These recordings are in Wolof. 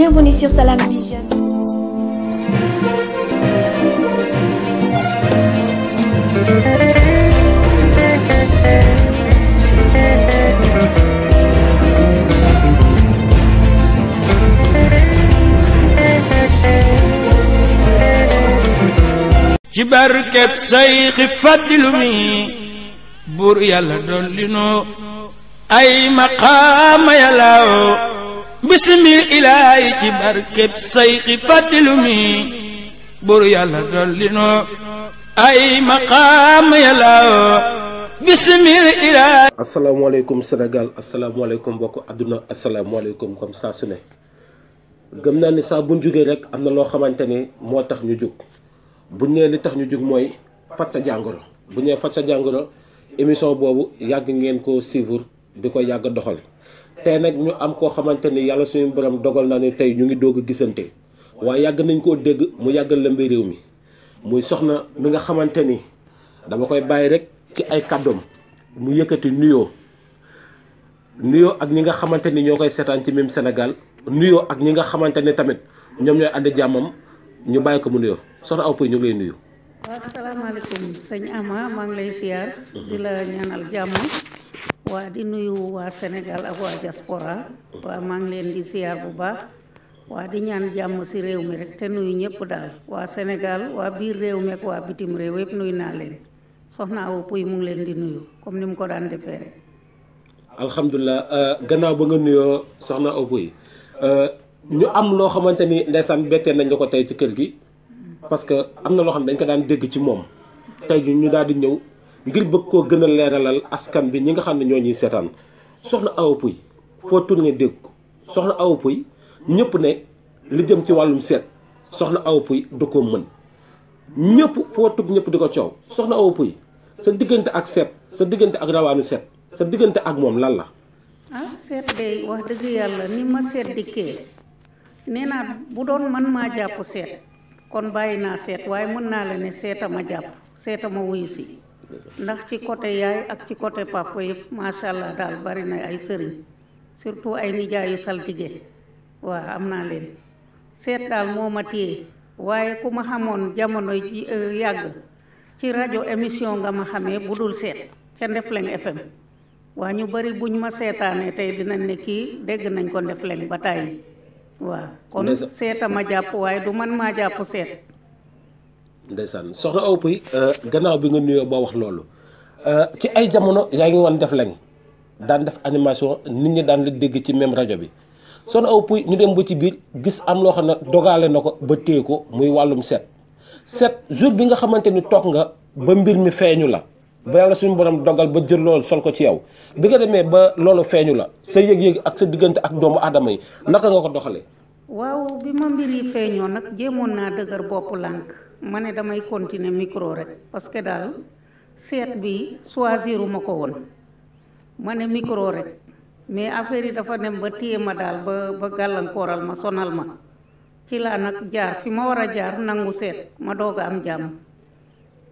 Bienvenue sur Salam Vision. ci barkeb say xi fàddilu mi buur yàlla dolli noo ay maqaama yàllaaw bisimil ilaahi ci barkeb sayxi fàddilu mi bur yàlla dolli noo ay maqaam yàlla bisimilah. asalaamaaleykum Sénégal asalaamaaleykum mbokku àdduna asalaamaaleykum comme saa su ne gëm naa ni saa buñ jógee rek am na loo xamante ne moo tax ñu jóg bu nee li tax ñu jóg mooy faj sa jàngoro bu ñee faj sa jàngoro émission boobu yàgg ngeen ko suivre di ko yàgg doxal tey nag ñu am koo xamante ni yàlla suñu borom dogal na ne tey ñu ngi doog gisante waaye yàgg nañ koo dégg mu yàggal lëmbe réew mi muy soxna mi nga xamante ni dama koy bàyyi rek ci ay kàddoom mu yëkkati nuyoo nuyoo ak ñi nga xamante ni ñoo koy seetaan ci même senegal nuyoo ak ñi nga xamante ne tamit ñoom ñooy ànd jàmmam ñu bàyyi ko mu nuyoo soxna Awa Pouye ñu ngi lay nuyu. waaw asalaamaaleykum sëñ Ama maa ngi lay mhm. di la ñaanal jàmm. waa di nuyu waa Sénégal ak waa diaspora waa maa leen di siyaar bu baax waa di ñaan jàmm ci réew mi rek te nuyu ñëpp daal waa Sénégal waa biir réew mi ak waa bitim réew yëpp nuyu naa leen soxna Awa Pouye mu ngi leen di nuyu comme ni mu ko daan defee rek. alhamdulilah euh, gannaaw ba nga nuyoo soxna Awa Pouye euh, ñu am loo xamante ni ndeysaan bettee nañ la ko tey ci kër gi parce que am na loo xam ne dañ ko daan dégg ci moom tey ji ñu daal di ñëw. ngir bëgg koo gën a leeralal askan bi ñi nga xam ne ñoo ñuy seetaan soxna Awa Pouye foo tourné dégg ko soxna Awa Pouye ñëpp ne li jëm ci wàllum seet soxna Awa Pouye du ko mën ñëpp foo ñëpp di ko coow soxna Awa Pouye sa diggante ak seet sa diggante ak rawaanu seet sa diggante ak moom lan la. ah seet day wax dëgg yàlla ni ma seet dikkee nee naa bu doon man maa jàpp seet kon bàyyi naa seet waaye mën naa la ne seeta ma jàpp seeta ma wuyu si. ndax ci côté yaay ak ci côté papa yëpp macha allah daal bari na ay sëriñ surtout ay nijaayu saltige waa am naa leen seet daal moo ma téye waaye ku ma xamoon jamono ji euh, yàgg ci rajo émission nga ma xamee bu dul seet ca Ndefleng FM waa ñu bari buñ ma seetaanee tey dinañ ne kii dégg nañ ko Ndefleng ba tàyyi waaw kon seeta ma jàpp waaye du man maa jàpp seet ndeysaan soxna Awa Pouye euh, gannaaw bi nga nuyoo boo wax loolu euh, ci ay jamono yaa ngi woon def lañ daan def animation nit ñi daan la dégg ci même rajo bi soxna aw Pouye ñu dem ba ci biir gis am loo xam ne dogale na ko ba téye ko muy wàllum seet seet jour bi nga xamante ni toog nga ba mbir mi feeñu la ba yàlla suñu borom dogal ba jël loolu sol ko ci yow bi nga demee ba loolu feeñu la sa yëg-yëg ak sa diggante ak doomu aadama yi naka nga ko doxalee. waaw bi ma mbir yi feeñoo nag jéemoon naa dëgër bopp lànk ma ne damay continuer micro rek parce que daal seet bi choisiruma ko woon ma ne micro rek mais affaire yi dafa dem ba téye ma daal ba ba gàllankooral ma sonal ma ci laa nag jaar fi ma war a jaar nangu seet ma doog a am jàmm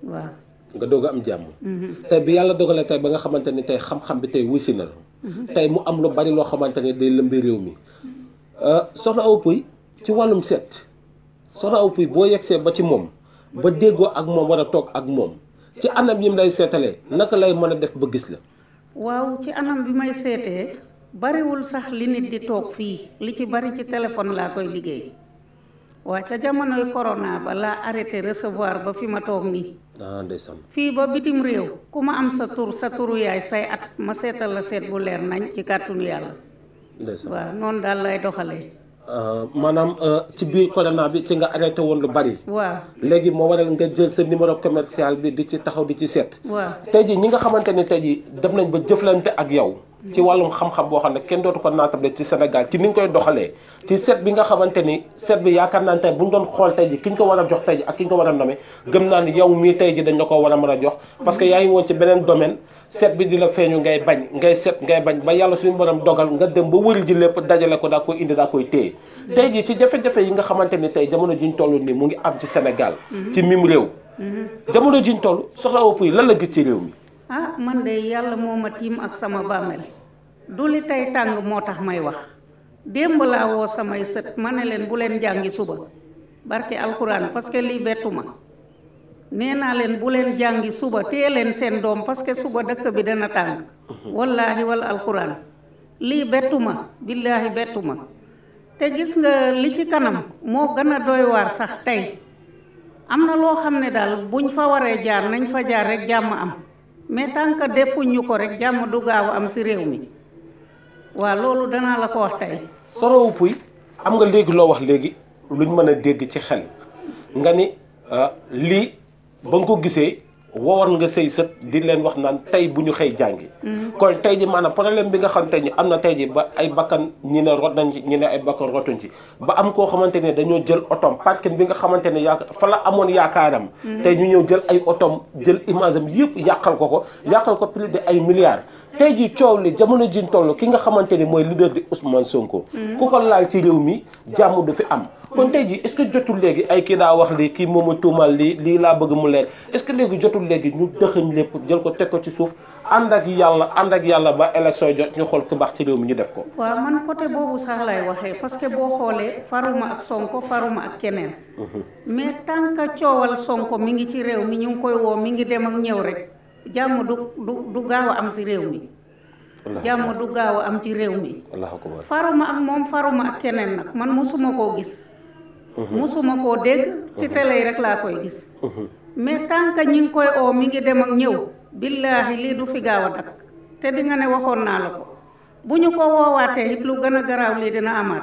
waaw. nga doog am jàmm. Mhm. tey bi yàlla dogalee tey ba nga xamante ni tey xam-xam bi tey wuy si na la. Mhm. tey mu am lu bari loo xamante ne day lëmbi réew mi. Euh, soxna aw puy ci wàllum seet soxna aw puy boo yegsee ba ci moom ba déggoo ak moom war a toog ak moom ci anam yi mu lay seetalee naka lay mën a def ba gis la waaw ci anam bi may seetee bariwul sax li nit di toog fii li ci bari ci téléphone laa koy liggéey waa ca jamonoy corona ba laa arrêté recevoir ba fi ma toog nii ah, fii ba bitim réew ku ma am sa tur sa turu yaay say at ma seetal la seet bu leer nañ ci kàttunu yàlla waaw noonu daal lay doxalee. Euh, maanaam euh, ci biir corona bi ci nga arrêté woon lu bari. waa léegi moo waral nga jël sa numéro commercial bi di ci taxaw di ci seet. waa tey jii ñi nga xamante ne tey jii dem nañ ba jëflante ak yow. ci wàllum xam-xam boo xam ne kenn dootu ko naatable ci Sénégal ci ni nga koy doxalee ci seet bi nga xamante ni seet bi yaakaar naa ne bu ñu doon xool tey ji ki ñu ko war a a dañ a a daa koy indi daa ji ci jafe-jafe yi nga xamante ni tey jamono ji ñu nii mu ngi am ci Sénégal mhm. ci mim réew mhm. jamono ji ñu soxla ëpp yi lan la gis ci réew mi ah, du li tey tàng moo tax may wax démb laa woo samay sët ma ne leen bu leen jàngi suba barke alxuraan parce que lii bettu ma nee naa leen bu leen jàngi suba téye leen seen doom parce que suba dëkk bi dana tàng wallaahi wal alxuraan lii bettu ma billaahi bettu te gis nga li ci kanam moo gën a doy waar sax tey am na loo xam ne daal buñ fa waree jaar nañ fa jaar rek jàmm am mais tant que defuñ ko rek jàmm du gaaw am si réew mi waa loolu danaa la ko wax tey. sorowu puy am nga léegi loo wax léegi luñ mën a dégg ci xel nga ni ah, lii ba nga ko gisee wowoon nga say sët di leen wax naan tey bu ñu xëy jàngi mhm. kon tey ji maanaam problème bi nga xam te ni am na tey ji ba ay bakkan ñi ne rot nañ ci ne ay bakkan rotuñ ci ba am koo xamante ne dañoo jël otom parking bi nga xamante ne yaa fa amoon yaakaaram mhm. tey ñu ñëw jël ay otom jël image am yëpp yàqal ko ko yàqal ko plus de ay milliards tey ji coow li jamono jiñ toll ki nga xamante ni mooy leader di Ousmane Sonko mhm. ku ko laal ci réew mi jàmm du fi am kon tey jii est ce que jotul léegi ay kii daa wax lii kii moom a tuumal lii lii laa bëgg mu leer est ce que léegi jotul léegi ñu dëxëñ lépp jël ko teg ko ci suuf ànd ak yàlla ànd ak yàlla ba élection jot ñu xool ku baax ci réew mi ñu def ko. waaw man côté boobu sax lay waxee parce que boo xoolee faruma ak Sonko faruma ak keneen. Mhm. mais tant que coowal Sonko mi ngi ci réew mi ñu ngi koy woo mi ngi dem ak ñëw rek jàmm du du du gaaw a am si réew mi. jàmm du gaaw a am ci réew mi. faruma ak moom faruma ak keneen nag man mosuma koo gis. musuma koo dégg ci télé rek laa koy gis mais tant que ñi ngi koy oo mi ngi dem ak ñëw billaahi lii du fi gaaw a dakk te di nga ne waxoon naa la ko bu ñu ko woowaatee lu gën a garaaw lii dina amaat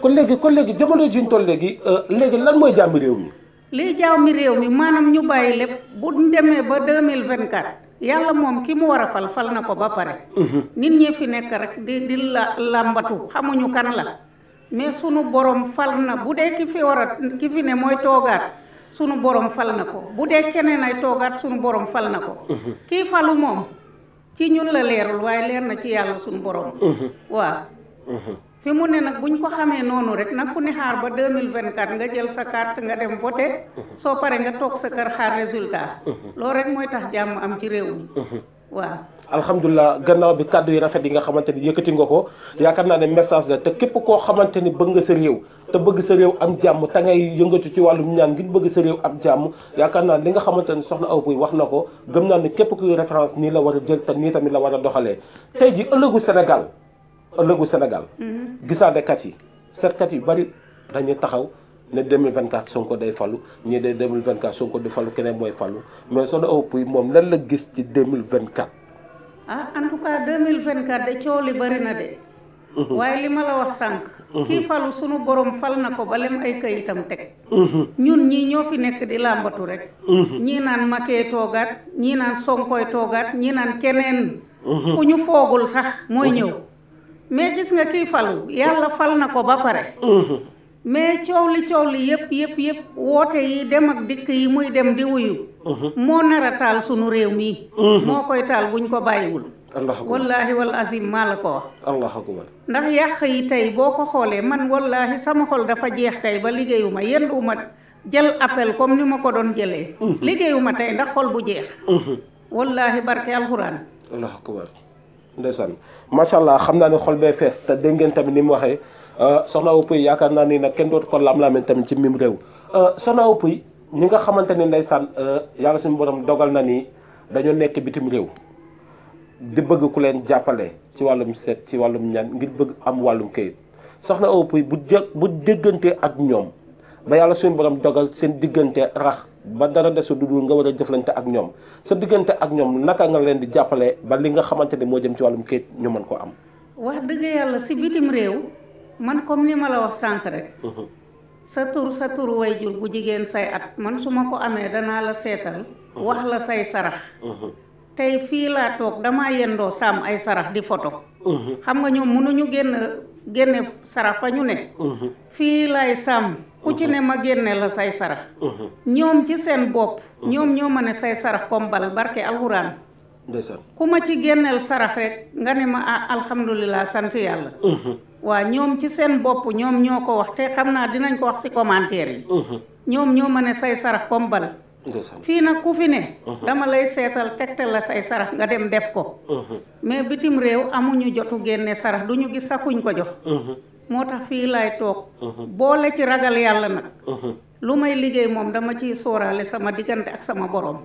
kon léegi kon léegi jamono ji ñu toll léegi euh, léegi lan mooy jàmmi réew mi lii jaaw mi réew mi maanaam ñu bàyyi lépp bu demee ba 2024 yàlla moom ki mu war a fal fal na ko ba pare mhmm. nit ñi fi nekk rek di di la làmbatu xamuñu kan la mais sunu borom fal na bu dee ki fi war a ki fi ne mooy toogaat sunu borom fal na ko bu dee keneen ay toogaat sunu borom fal na ko. Mhm. kii falu moom ci ñun la leerul waaye leer na ci yàlla sunu borom. Mhm. waa mhm. fi mu ne nag bu ñu ko xamee noonu rek nag ku ne xaar ba deux mille vingt quatre nga jël sa carte nga dem boo te soo paree nga toog sa kër xaar résultat. loolu rek mooy tax jàmm am ci réew mi. waaw alhamdulilah gannaaw bi kàddu yi rafet yi nga xamante ni yëkkati nga ko yaakaar naa ne message la te képp koo xamante ni bëgg nga sa réew te bëgg sa réew am jàmm te ngay yëngatu ci wàllum ñaan ngir bëgg sa réew am jàmm yaakaar naa li nga xamante ni soxna Awa Pouye wax na ko gëm naa ni képp kuy référence nii la war a jël te nii tamit la war a doxalee tey ji ëllëgu Sénégal ëllëgu Sénégal mhm. gisaandekat yi seetkat yu bari dañuy taxaw ne 2024 Sonko day falu ñii day 2024 Sonko di falu keneen mooy falu mais Soda Awa Pouye moom lan la gis ci 2024. ah en tout cas 2024 de coow li bari na de. Mhm. waaye li ma la wax sànq. Mhm. kii falu sunu borom fal na ko ba lem ay kayitam teg. Mhm. ñun ñii ñoo fi nekk di làmbatu rek. ñii naan Macky toogaat ñii naan Sonkoy toogaat ñii naan keneen. ku ñu foogul sax mooy ñëw. mais gis nga kii falu yàlla fal na ko ba pare. mais coow li coow li yëpp yëpp yëpp woote yi dem ak dikk yi muy dem di wuyu. Mhm. moo nara taal sunu réew mi. Mhm. moo koy taal buñ ko bàyyiwul. wallaahi wal azim maa la ko wax. allahu ndax yàq yi tey boo ko xoolee man wallaahi sama xol dafa jeex tey ba liggéeyuma yënduwuma jël appel comme ni ma ko doon jëlee. Mhm. liggéeyuma tey ndax xol bu jeex. wallaahi barke alxuraan. allahu akbar ndeysaan macha allah xam naa ne xol bee fees te dégg tamit ni mu waxee. Euh, soxna Opuy yaakaar naa ni nag kenn dootu ko lam-laamee tamit ci mim réew euh, soxna Opuy ñi nga xamante ni saan euh, yàlla suñu borom dogal na nii dañoo nekk bitim réew di bëgg ku leen jàppale ci wàllum seet ci wàllum ñaan ngir bëgg am wàllum kayit soxna Opuy bu jë bu déggante ak ñoom ba yàlla suñu borom dogal seen diggante rax ba dara desu dudul nga war a jëflante ak ñoom sa diggante ak ñoom naka nga leen di jàppale ba li nga xamante ne moo jëm ci wàllum kayit ñu mën ko am. man comme li ma la wax sànq rek. Mhm. sa tur sa tur wayjur bu jigéen say at man su ma ko amee danaa la seetal. Mhm. wax la say sarax. Mhm. tey fii laa toog damaa yendoo saam ay sarax di foto. xam nga ñoom mënuñu génn génne sarax fa ñu ne. fii laay saam. ku ci ne ma génne la say sarax. ñoom ci seen bopp. ñoom ñoo ma ne say sarax comme bal barke alxuraan. ndeysaan ku ma ci génneel sarax rek nga ne ma ah alhamdulilah sant yàlla. Mhm. waa ñoom ci seen bopp ñoom ñoo ko wax te xam naa dinañ ko wax si commentaire yi. Mhm. ñoom ñoo ma ne say sarax comme bala. fii nag ku fi ne. Mhm. dama lay seetal tegte la say sarax nga dem def ko. mais bitim réew amuñu jotu génne sarax ñu gis sakuñ ko jox. moo tax fii laay toog. boole ci ragal yàlla nag. lu may liggéey moom dama ciy sóoraale sama diggante ak sama borom.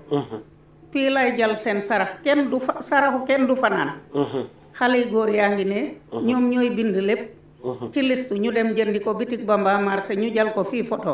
fii lay jël seen sarax kenn du fa saraxu kenn du fanaan mhm. xale yu góor yaa ngi ne mhm. ñoom ñooy bind lépp mhm. ci liste ñu dem jëndi ko bitik Bamba marché ñu jal ko fii photo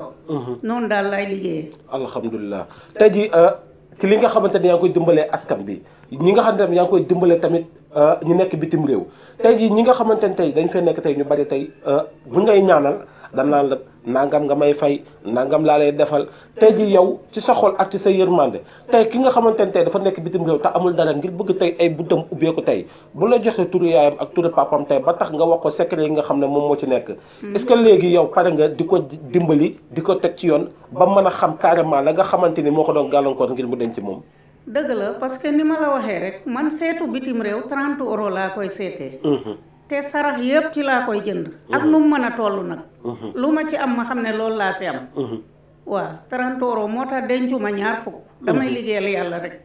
noonu daal lay liggéeyee alhamdulilah tey jii euh, ci li nga xamante ne yaa ngi koy dimbalee askan bi ñi nga xamante ne yaa ngi koy dimbalee tamit euh, ñu nekk bitim réew tey jii ñi nga xamante ne tey dañ fee nekk tey ñu bari tey euh, bu ngay ñaanal danaan la nangam nga may fay nangam laa lay defal tey ji yow ci sa xol ak ci sa yërmande tey ki nga xamante ne tey dafa nekk bitim réew te amul dara ngir bëgg tey ay buntam ubbeeku tey bu la joxee turu yaayam ak turu papam tey ba tax nga wax ko secret yi nga xam ne moom moo ci nekk mm-hmm. est léegi yow pare nga di ko dimbali di ko teg ci yoon ba mën a xam carrément la nga xamante ni moo ko doon gàllankoor ngir mu ci moom dëgg la parce que ni ma la waxee rek man seetu bitim réew 30 euros laa koy seetee mm-hmm. te sarax yëpp ci laa koy jënd. ak mhm. nu mu mën a toll nag. Mhm. lu ma ci am ma xam ne loolu laa si am. Mhm. waaw 30 euros moo tax dencu ma ñaar fukk. damay liggéeyal yàlla rek.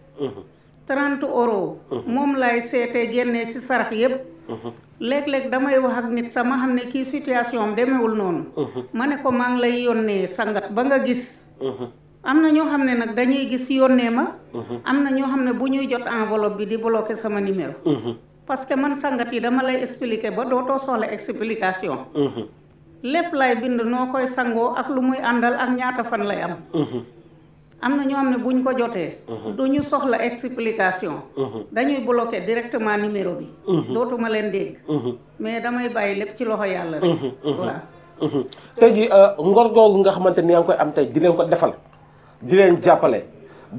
30 euros. moom lay seete génnee si sarax yëpp. léeg-léeg damay wax ak nit sama xam ne kii situation am demewul noonu. ma ne ko maa ngi lay yónnee sangat ba nga gis. am na ñoo xam ne nag dañuy gis yónnee ma. am na ñoo xam ne bu ñuy jot enveloppe bi di bloqué sama numéro. parce que man sangat yi dama lay expliquer ba dootoo soxla explication. Mhm. lépp lay bind noo koy sangoo ak lu muy àndal ak ñaata fan lay am. Mhm. am na ñoo xam ne buñ ko jotee. Mhm. du ñu soxla explication. dañuy bloqué directement numéro bi. dootuma leen dégg. mais damay bàyyi lépp ci loxo yàlla rek. waaw. tey jii euh, ngor googu nga xamante ni yaa ngi koy am tey di leen ko defal di leen jàppale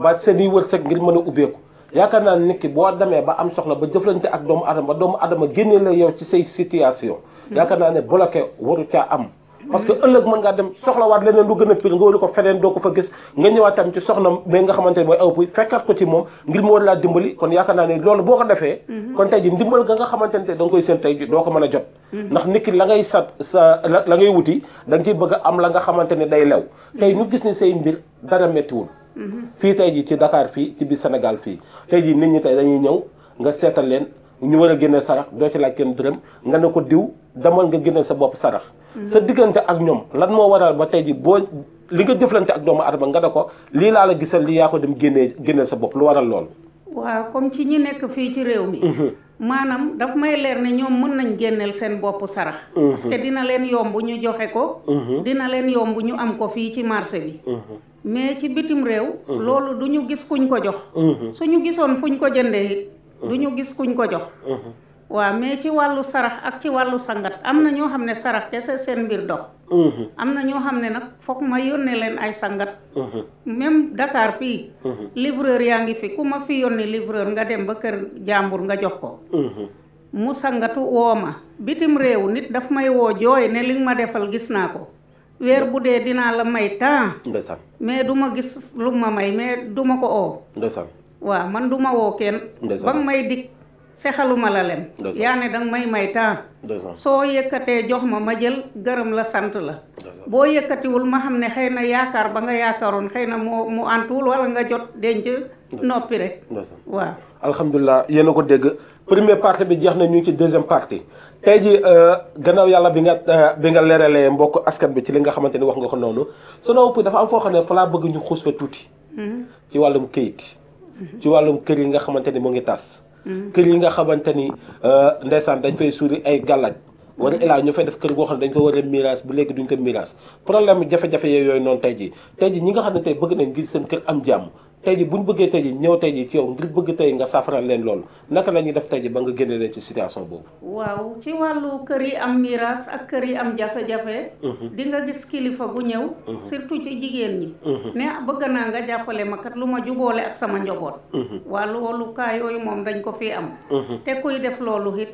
ba seen i wërsëg ngir mën a ubbeeku. yaakaar naa ne nit ki boo demee ba am soxla ba jëflante ak doomu adama ba doomu adama génnee la yow ci say situation hmm. yaakaar naa ne bloqué waru caa am parce que ëllëg mën ngaa dem soxlawaat leneen lu gën a pire nga wëli ko feneen doo ko fa gis nga ñëwaat tam soxna mais nga xamante ne mooy aw puy fekkaat ko ci moom ngir mu war laa dimbali kon yaakaar naa ne loolu boo ko defee hmm. kon tey ji ndimbal nga nga xamante ne da koy seen tey doo ko mën a jot hmm. ndax nit ki la ngay sat sa la ngay wuti da nga ciy bëgg a am la nga xamante ne day lew tey ñu gis ni say mbir dara méttiwul fii tey jii ci dakaar fii ci biir Sénégal fii tey jii nit ñi tey dañuy ñëw nga seetal leen ñu war a génne sarax doo ci laaj kenn dërëm nga ne ko diw demal nga génne sa bopp sarax sa diggante ak ñoom lan moo waral ba tey ji boo li nga jëflante ak doomu adama nga ne ko lii laa la gisal li yaa ko dem génnee génneel sa bopp lu waral loolu waaw comme ci ñi nekk fii ci réew mi mhm. maanaam dafa may leer ne ñoom mën nañ génneel seen bopp sarax mhm. parce dina leen yomb ñu joxe ko mhm. dina leen yomb ñu am ko fii ci marché bi mais ci bitim réew. Mhm. loolu du ñu gis kuñ ko jox. Mhm. su ñu gisoon fu fuñ ko jëndee it. Mhm. du ñu gis kuñ ko jox. waaw mais ci wàllu sarax ak ci wàllu sangat am na ñoo xam ne sarax kese seen mbir dox. am na ñoo xam ne nag foog ma yónnee leen ay sangat. même Dakar fii. livreur yaa ngi fi ku ma fi yónnee livreur nga dem ba kër jàmbur nga jox ko. mu sangatu woo ma bitim réew nit daf may woo jooy ne li ma defal gis naa ko. weer bu dee dinaa la may temps. ndeysaan mais du ma gis lu ma may mais du ma ko oo. ndeysaan waaw man du ma woo kenn. ba nga may dikk sexaluma la lem. yaa ne danga may may temps. soo yëkkatee jox ma ma jël gërëm la sant la. boo yëkkatiwul ma xam ne xëy na yaakaar ba nga yaakaaroon xëy na moo mu antuwul wala nga jot denc. noppi rek. waaw. alhamdulilah yéen a ko dégg. première partie bi jeex na ñu ci deuxième partie. tey ji euh, gannaaw yàlla bi nga euh, bi nga leeralee mbokk askan bi ci li nga xamante ni wax nga ko noonu Sonacos dafa am foo xam ne fa laa bëgg ñu xuus fa tuuti mm-hmm. ci wàllum këyit mm-hmm. ci wàllum kër yi nga xamante ni mu ngi tas mm-hmm. kër yi nga xamante ni euh, ndeysaan dañ fay suuri ay gàllaaj wala ilaa ñu fay def kër goo xam ne dañ ko war a miraas bu léegi duñ ko miraas problème jafe-jafe yooyu noonu tey ji tey ji ñi nga xam ne tey bëgg nañ ngir seen kër am jàmm tey ji bu ñu bëggee tey ji ñëw tey ji ci yow ngir bëgg tey nga safaral leen loolu naka lañuy def tey ji ba nga génne leen ci situation boobu. waaw ci wàllu kër yi am miiras ak kër yi am jafe-jafe. Mhm. di gis kilifa gu ñëw. Mhm. surtout ci jigéen ñi. Mhm. ne bëgg naa nga jàppale ma kat lu ma juboole ak sama njaboot. waa loolu kaa yooyu moom dañ ko fi am. te kuy def loolu it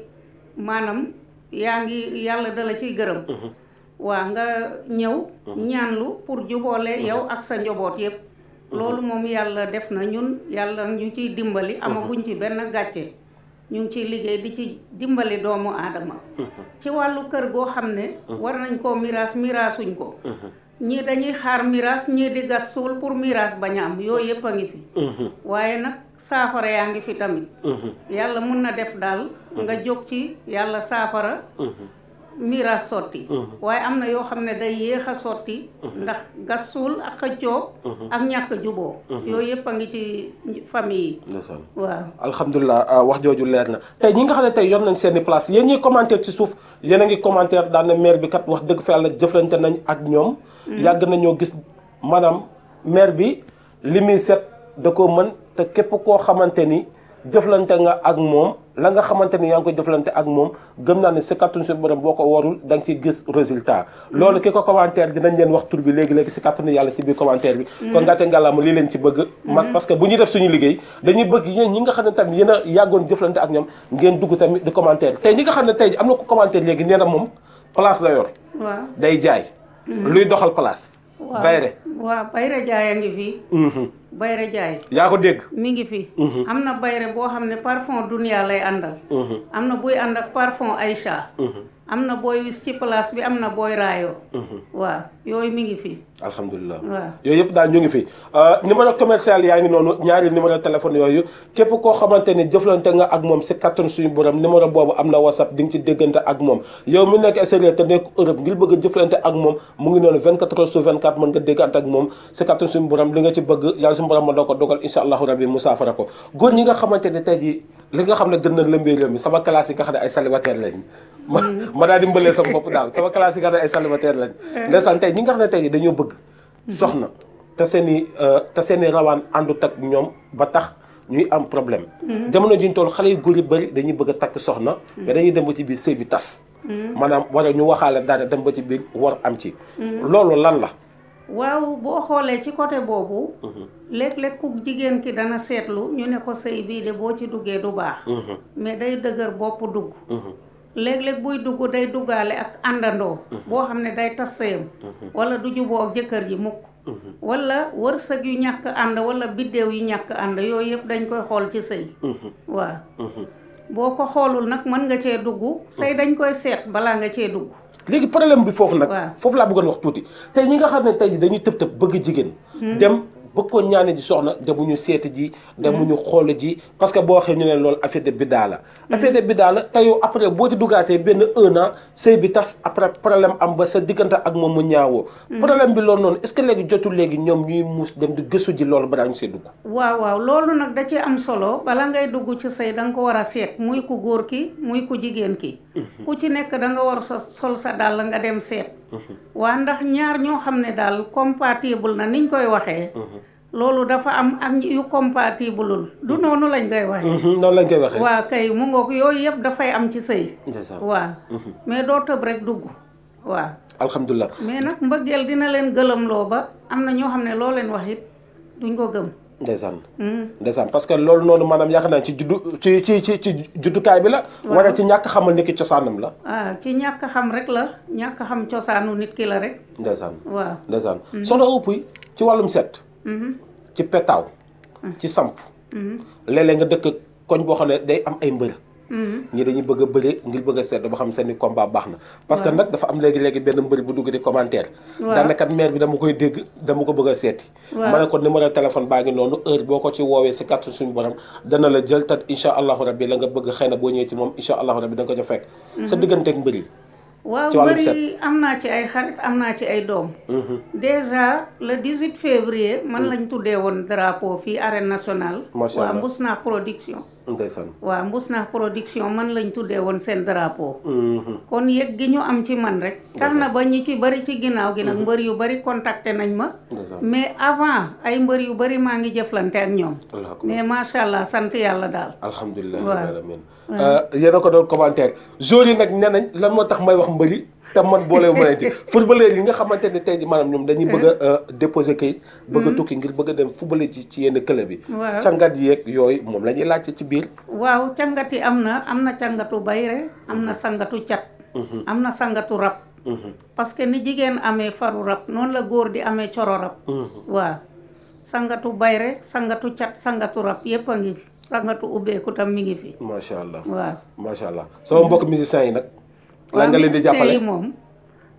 maanaam yaa ngi yàlla dala ciy gërëm. waa nga ñëw. ñaanlu pour juboole yow ak sa njoboot yëpp. loolu mhm. moom yàlla def na ñun yàlla ñu ciy dimbali mhm. amaguñ ci benn gàcce ñu ngi ciy liggéey di ci dimbali doomu aadama mhm. ci wàllu kër goo xam ne war nañ koo miraas miraasuñ ko ñii dañuy xaar miraas ñii di gas suul pour miraas bañ a am yooyu yëpp a ngi fi waaye nag saafara yaa ngi fi tamit yàlla mun na def daal nga jóg ci yàlla saafara miraas sotti mm-hmm. waaye am na yoo xam ne day yéex a sotti mm-hmm. ndax gas suul ak xëccoo mm-hmm. ak ñàkk juboo yooyu yëpp a ngi ci famille yi waaw alhamdulilah ah, wax jooju leer na tey ñi nga xam ne tey yoon nañ seeni place yéen ñuy commentaire ci suuf yéen a ngi commentaire daan na maire bi kat wax dëgg fa yàlla jëflante nañ ak ñoom yàgg nañoo gis maanaam maire bi li set da ko mën te képp koo xamante ni jëflante nga ak moom la nga xamante ni yaa ngi ko jëflante ak moom gëm naa ne si kàttanu suñu borom boo ko warul da nga ciy gis résultat mm-hmm. loolu ki ko commentaire dinañ leen wax tur bi léegi-léegi si kàttanu yàlla si biir commentaire bi mm-hmm. kon gàcce ngàllaama lii leen ci bëgg mm-hmm. mas parce que bu ñuy def suñu liggéey dañuy bëgg yéen ñi nga xam ne tamit yéen a yàggoon jëflante ak ñoom ngeen dugg tamit di commentaire tey ñi nga xam ne tey am na ko commentaire léegi la yor waaw day jaay luy doxal place bayre waaw bayre jaay a ngi fii bayre jaay yaa ko dégg mi ngi fi mhm. am na bayre boo xam ne parfum dunia lay ànd àndal mhm. am na buy ànd ak parfum Aïcha mhm. am na booy ci place bi am na booy raayoo. Mhm. waaw yooyu mi ngi fi. alhamdulilah waaw yooyu yëpp daal ñu ngi fi euh, numéro commercial yaa ngi noonu ñaari numéro téléphone yooyu képp koo xamante ni jëflante nga ak moom si kattan suñu borom numéro boobu am na whatsapp di nga ci déggante ak moom yow mi nekk SDE te nekk Europe ngir bëgg jëflante ak moom mu ngi noonu 24 heures sur 24 mën nga déggante ak moom si kattan suñu borom li nga ci bëgg yàlla suñu borom mën na ko dogal incha ñi nga xamante ni tey jii li nga xam ne gën na lëmbee réew mi sama classe yi nga xam ne ay célibataire lañ ma mm. ma daal di mbalee sama bopp daal sama classe yi nga xam ne ay célibataire lañ eh. ndeysaan tey ñi nga xam ne tey dañoo bëgg mm-hmm. soxna te seen i euh, te seen i rawaan àndut ak ñoom ba tax ñuy am problème mm-hmm. jamono jiñ tool xale yu góor yu bëri dañuy bëgg a takk soxna mm-hmm. mais dañuy dem ba ci biir sëy bi tas maanaam war a ñu waxaale dara dem ba ci biir war am ci loolu lan la waaw boo xoolee ci côté boobu. Mhm. léeg-léeg ku jigéen ki dana seetlu ñu ne ko sëy bii de boo ci duggee du baax. Mhm. mais day dëgër bopp dugg. Mhm. léeg-léeg buy dugg day duggaale ak àndandoo. boo xam ne day tas sëyam. wala du juboo ak jëkkër ji mukk. wala wërsëg yu ñàkk ànd wala biddéew yu ñàkk ànd yooyu yëpp dañ koy xool ci sëy. waaw boo ko xoolul nag mën nga cee dugg. sëy dañ koy seet balaa nga cee dugg. léegi problème bi foofu nag foofu laa bëggoon wax tuuti tey ñi nga xam ne tey ji dañuy tëb-tëb bëgg jigéen hmm. dem bëggoon ñaane ji soxna demuñu seeti ji dem ñu mm-hmm. xool ji parce que boo waxee ñu ne loolu affaire de bi daala mm-hmm. affaire de bi la te yow après boo ci dugaatee benn un an sëy bi tas après problème am ba sa diggante ak moom mu ñaawoo mm-hmm. problème bi loolu noonu est ce que léegi jotul léegi ñoom ñuy muus dem di gëstu ji loolu balaa ñu see dugg waaw waaw loolu nag da ci am solo bala ngay dugg ci sëy da ko war a seet muy ku góor ki muy ku jigéen ki ku ci nekk da nga war sa sol sa dàll nga dem seet Mm-hmm. waa ndax ñaar ñoo xam ne daal compatible na niñ koy waxee mm-hmm. loolu dafa am ak yu compatible du mm-hmm. noonu lañ koy waxee noonu lañ koy waxee waa kay mu ngoog yooyu yëpp dafay am ci sëy waa mais doo tëb rek dugg waa alhamdulilah mais nag mbëggeel dina leen gëlëm gëlëmloo ba am na ñoo xam ne loo leen wax it duñ ko gëm ndeysaan hmm. ndeysaan parce que loolu noonu maanaam yaakaar naa ci juddu ci ci juddukaay bi la wala ci ñàkk xamal nit ki cosaanam la waaw ah, ci ñàkk xam rek la ñàkk xam cosaanu nit ki la rek ndeysaan waaw ndeysaan hmm. soxna ëppuy ci wàllum set hmm. ci petaaw ci samp léeg nga dëkk koñ boo xam ne day am ay mbër Mm-hmm. ñii dañuy bëgg a bëri ngir bëgg a seet ba xam seen i combat baax na parce que nag dafa am léegi-léegi benn mbër bu dugg di commentaire daanakat maire bi dama koy dégg dama ko bëgg a seeti ma ne ko noonu heure boo ko ci woowee si kàttan jël tat incha allahu rabbi la nga bëgg xëy na boo ñëwee ci moom incha allahu rabbi da nga ko jox fekk sa mm-hmm. diggante ak mbër yi waaw bëri am naa ci ay xarit am naa ci ay doom mm-hmm. déjà le 18 février man lañ tuddee woon drapeau fii arène nationale waa Mbousnakh production ndeysaan waaw mbus na production man lañ tuddee woon seen drapeau. Mm-hmm. kon yëg gi ñu am ci man rek. tax na ba ñi ci bari ci ginnaaw gi nag mm-hmm. mbër yu bari contacté nañ ma. mais avant ay mbër yu bari maa ngi jëflante ak ñoom. mais macha allah sant yàlla daal. alhamdulilah alamin euh, a ko doon commentaire jour yi nag nee nañ lan moo tax may wax mbëri. te man boole ma leen ci footballeur yi nga xamante ne tey ji maanaam ñoom dañuy bëgg a hmm. euh, déposer kayit bëgg hmm. tukki ngir bëgg a dem footballeur ji ci yenn club yi sangat cangat yeeg yooyu moom la ñuy laajte ci biir waaw cangat yi am na am na cangatu bayre am na sangatu hmm. cat am na sangatu rab parce que ni jigéen amee faru rab noonu la góor di amee coro rab waaw sangatu bayre sangatu cat sangatu rab yépp a ngi sangatu ubbeeku tam mi ngi fi macha allah waaw macha allah sama mbokk musicien yi nag la nga leen di jàppale moom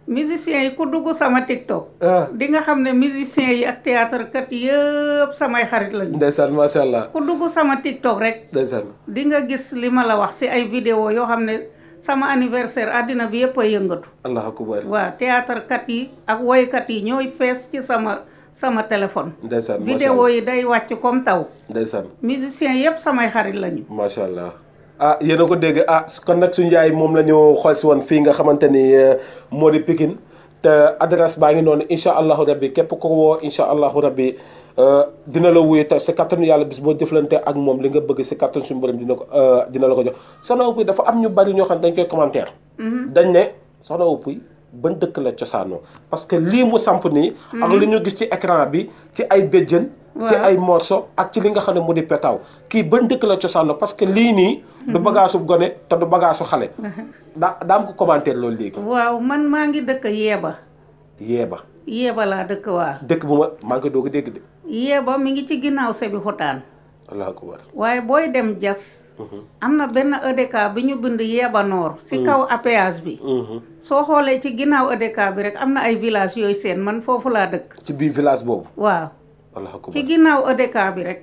musiciens yi ku dugg sama TikTok. Ah. di nga xam ne musiciens yi ak théâtre kat yëpp samay xarit lañu. ndeysaan macha allah. ku dugg sama TikTok rek. ndeysaan di nga gis li ma la wax si ay vidéo yoo xam ne sama anniversaire àddina bi yëpp a yëngatu. allahu akbar waaw théâtre kat yi ak woykat yi ñooy fees ci sama. sama téléphone. ndeysaan vidéo yi day wàcc comme taw. ndeysaan musiciens yëpp samay xarit lañu. macha allah. ah yéen ko dégg ah kon nag suñu yaay moom la ñu xool si woon fii nga xamante ni eh, moo di pikin te adresse baa ngi noonu incha allahu rabbi képp ko woo incha allahu rabbi eh, dina la wuyu te si kattanu yàlla bis boo jëflante ak moom li nga bëgg si kattanu suñu borom dina ko eh, dina la ko jox soxna Upuy dafa am ñu bari ñoo xam ne dañ koy commentaire mm-hmm. dañ ne soxna Upuy ban dëkk la cosaanoo parce que lii mu samp nii ak mm-hmm. li ñu gis ci écran bi ci ay béjjën ci ay morceau ak ci li nga xam ne mu di pétaw kii ban dëkk la cosaanoo parce que lii nii du mhm. bagaasu gone te du bagaasu xale da daam ko commentaire loolu léegi waaw man maa ngi dëkk yeeba yeba yeeba laa dëkk waa dëkk bu ma maa ngi doog dégg de yeeba mi ngi ci ginnaaw sebi xotaan waaye booy dem jas mhm. am na benn EDK bi ñu bind yeeba noor si mhm. kaw APS bi soo xoolee ci ginnaaw EDK bi rek am na ay village yooyu seen man foofu laa dëkk ci biir village boobu ci ginnaaw ODK bi rek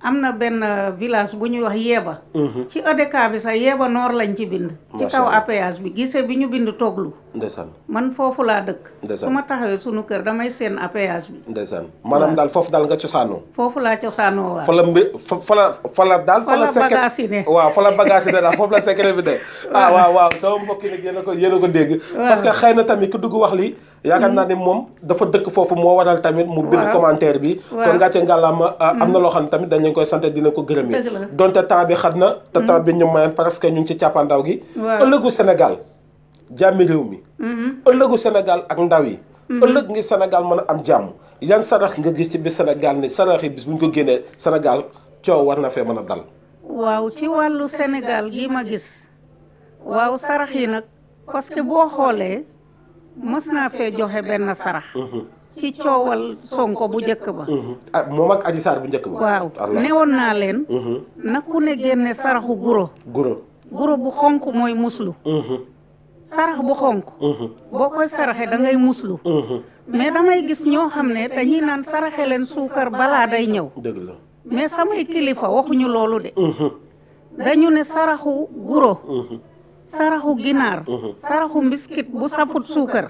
am na benn village bu ñuy wax yeeba mhm. ci ODK bi sax Yeba noor lañ ci bind. ci kaw APS bi gise bi ñu bind tooglu. ndeysaan man foofu laa dëkk ndeysaan su ma taxawee sunu kër damay seen à péage bi ndeysaan maanaam daal foofu daal nga cosaanoo foofu laa cosaanoo waaw fa la mbi daal fa la ne waaw fa la bagage daal foofu la secret bi ne ah waaw waaw sama mbokk yi nag yéen a ko yéen a ko dégg parce que xëy na tamit ku dugg wax li yaakaar naa mm. ne moom dafa dëkk foofu moo waral tamit mu bind commentaire bi kon ngàcce ngàllaama ah, ah, am na mm. loo xam ne tamit dañ leen koy sant dina ko gërëmee donte temps bi xat na te temps mm. bi ñu mayan parce que ñu ngi ci càppandaw gi ëllëgu Sénégal jàmmi réew mi. Mm-hmm. ëllëgu Sénégal ak ndaw yi. Mm-hmm. ëllëg ngir Sénégal mën a am jàmm yan sarax nga gis ci biir Sénégal ni sarax yi bis bu ñu ko génnee Sénégal coow war na fee mën a dal. waaw ci wàllu Sénégal gi ma gis waaw sarax yi nag parce que boo xoolee mës naa fee joxe benn sarax. Mm-hmm. ci coowal Sonko bu njëkk ba. ah moom ak Adji Sarr bu njëkk ba. waaw newoon naa leen. na ku ne génne saraxu guro. guro guro bu xonk mooy muslu. sarax bu xonk boo koy saraxe da ngay muslu mais damay gis ñoo xam ne dañuy naan saraxe leen suukar balaa day ñëw dëgg la mais samay kilifa waxuñu loolu de dañu ne saraxu guro saraxu ginaar saraxu mbiskit bu safut suukar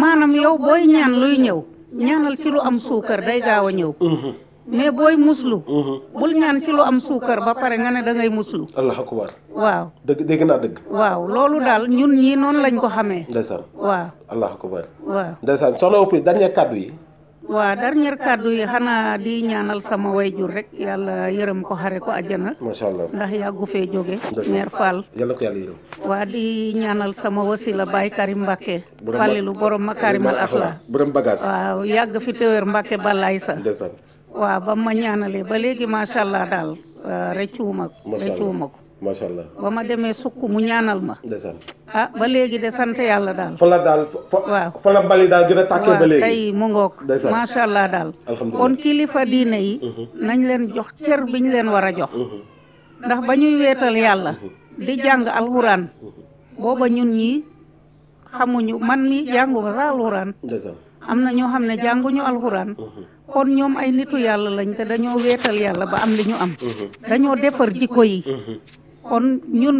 maanaam yow booy ñaan luy ñëw ñaanal ci lu am suukar day gaaw a ñëw mais booy muslu. Mhm. bul ñaan ci lu am suukar ba pare nga ne dangay ngay muslu. allah akbar waaw dëgg dégg naa dëgg. waaw loolu daal ñun ñii noonu lañ ko xamee. ndeysaan waaw allah akbar waaw ndeysaan soxna Oupy dernier kàddu yi. waaw dernier kàddu yi xanaa di ñaanal sama wayjur rek yàlla yërëm ko xare ko àjjana. macha allah ndax yàggu fee jóge. mère Fall yàlla ko yàlla yërëm. waa di ñaanal sama la Baye Karim Mbacke. borom ma Falilu borom Makarimal Akhla borom bagage. waaw yàgg fi téwér Mbacke Balaye sax ndeysaan waaw ba mu ma ñaanalee ba léegi macha allah daal euh, rëccuwuma ko rëccuwuma ko macha allah ba ma demee sukk mu ñaanal ma ndeysaan ah ba léegi de sant yàlla daal fa la daal waaw fa la bali daal gën a tàkkee ba léegi tey mu ngoog macha allah daal kon kilifa diine yi mhm. nañ leen jox cër biñ leen war a jox mhm. ndax ba ñuy weetal yàlla di jàng alxuraan mhm. booba ñun ñi xamuñu man mi jànguma sa alxuraan am na ñoo xam ne jànguñu alxuraan kon ñoom ay nitu yàlla lañ te dañoo weetal yàlla ba am li ñu am dañoo defar jikko yi kon ñun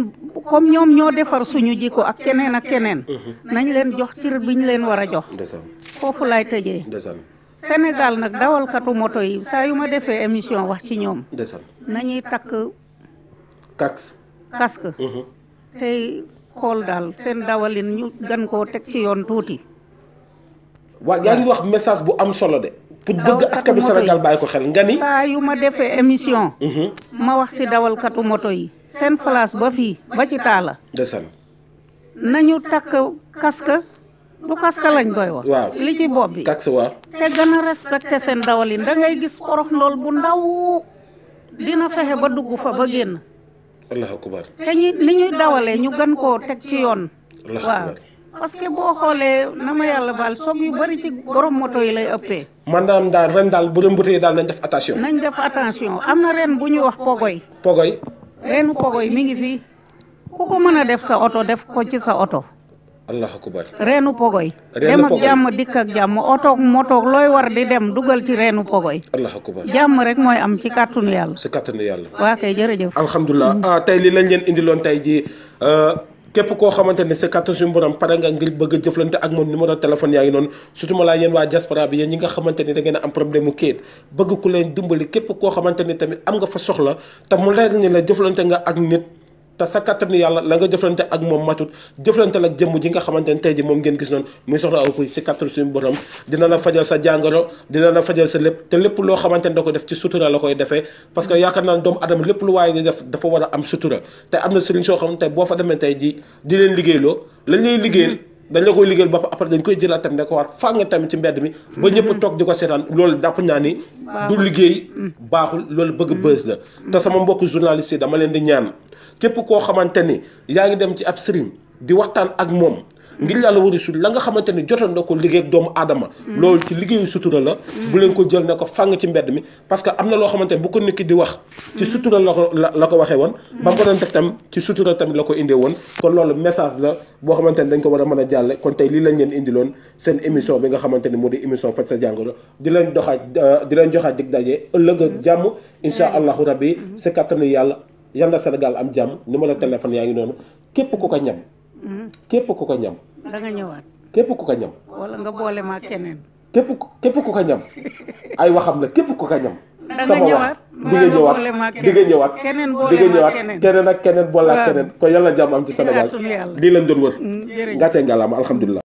comme ñoom ñoo defar suñu jikko ak keneen ak keneen nañ leen jox cir biñ leen war a jox foofu laay tëjee Sénégal nag dawalkatu moto yi saa yu ma defee émission wax ci ñoom nañuy takk casque casque mhm. tey xool daal seen dawalin ñu gën koo teg ci yoon tuuti waa yaa ngi wax message bu am solo de. pour bëgg bi Sénégal bàyyi ko xel nga ni. saa yu ma defee émission. Mhm. ma wax si dawalkatu moto yi. seen place ba fii ba ci taala. ndeysaan. nañu takk casque du casque lañ koy wax. waaw li ci bopp bi casque waaw. te gën a seen dawalin da ngay gis porox ndool bu ndaw dina fexe ba dugg fa ba génn. te ñi li ñuy dawalee ñu gën koo teg ci yoon. waaw parce que boo xoolee na ma yàlla baal soog yu bari ci borom moto yi lay ëppee. maanaam daal ren daal bu rëmbatee daal nañ def attention. nañ def attention am na ren bu ñuy wax pogoy. pogoy. reenu pogoy mi ngi fii ku ko mën a def sa oto def ko ci sa oto. allahu akbar reenu renu reenu pogoy dem ak jàmm dikk ak jàmm otoog motoog looy war di dem dugal ci reenu pogoy. allahu akbar jàmm rek mooy am ci kàttanu yàlla. si kàttanu yàlla. waa kay jërëjëf. alhamdulilah ah, tey li lañ leen indiloon tey ji euh, képp koo xamante ne sa kàttan suñu borom pare nga ngir bëgg a jëflante ak moom numéro téléphone yaa ngi noonu surtout laa yéen waa diaspora bi yéen ñi nga xamante ni a am problème mu kayit bëgg ku leen dimbali képp koo xamante ni tamit am nga fa soxla te mu leer ni la jëflante nga ak nit te sa kattanu yàlla la nga jëflante ak moom matut jëflante ak jëmm ji nga xamante ne tey ji moom ngeen gis noonu muy soxla aw kuy si kattanu suñu borom dina la fajal sa jàngoro dina la fajal sa lépp te lépp loo xamante ne da ko def ci sutura la koy defee parce que yaakaar naa doomu adama lépp lu waaye di def dafa war a am sutura te am na sëriñ soo xam ne boo fa demee tey ji di leen liggéeyloo lañ lay liggéeyal dañ la koy liggéeyal ba après dañ koy jëlaat tamit ne ko war faa tamit ci mbedd mi. ba ñëpp toog di ko seetaan loolu dàpp naa ni. du liggéey mm. baaxul loolu bëgg mm. bës la. Mm. te sama mbokk journaliste dama leen di ñaan képp koo xamante ni yaa ngi dem ci ab sëriñ di waxtaan ak moom. ngir yàlla war a la nga xamante ni jotoon na ko liggéey ak doomu aadama mm. loolu ci liggéeyu sutura la mm. bu leen ko jël na ko fàng ci mbedd mi parce que am na loo xamante ni bu ko nit ki di wax ci mm. sutura la ko la ko waxee woon ba mu ko doon def tam ci sutura tamit la ko indee woon kon loolu message la boo xamante ni dañ ko war a mën a jàlle kon tey lii lañ leen indiloon seen émission bi nga xamante ni moo di émission faj sa jàngoro di leen doxaat euh, di leen joxaat dig daje ëllëg ak jàmm insha allahu rabbi mm-hmm. si kattanu yàlla yal na am jàmm numéro téléphone yaa ngi noonu képp ku ko ñam Mm-hmm. képp ku ko ñam. da nga ñëwaat. képp ku ko ñam. wala nga boole ma keneen. képp ku képp ku ko ñam ay waxam na képp ku ko ñam. sama wax di nga ñëwaat di nga ñëwaat di nga ñëwaat keneen ak keneen boole ak keneen ko yàlla jàmm am ci Sénégal lii lañ doon wër ngàccee mm-hmm. ngàllaama alhamdulilah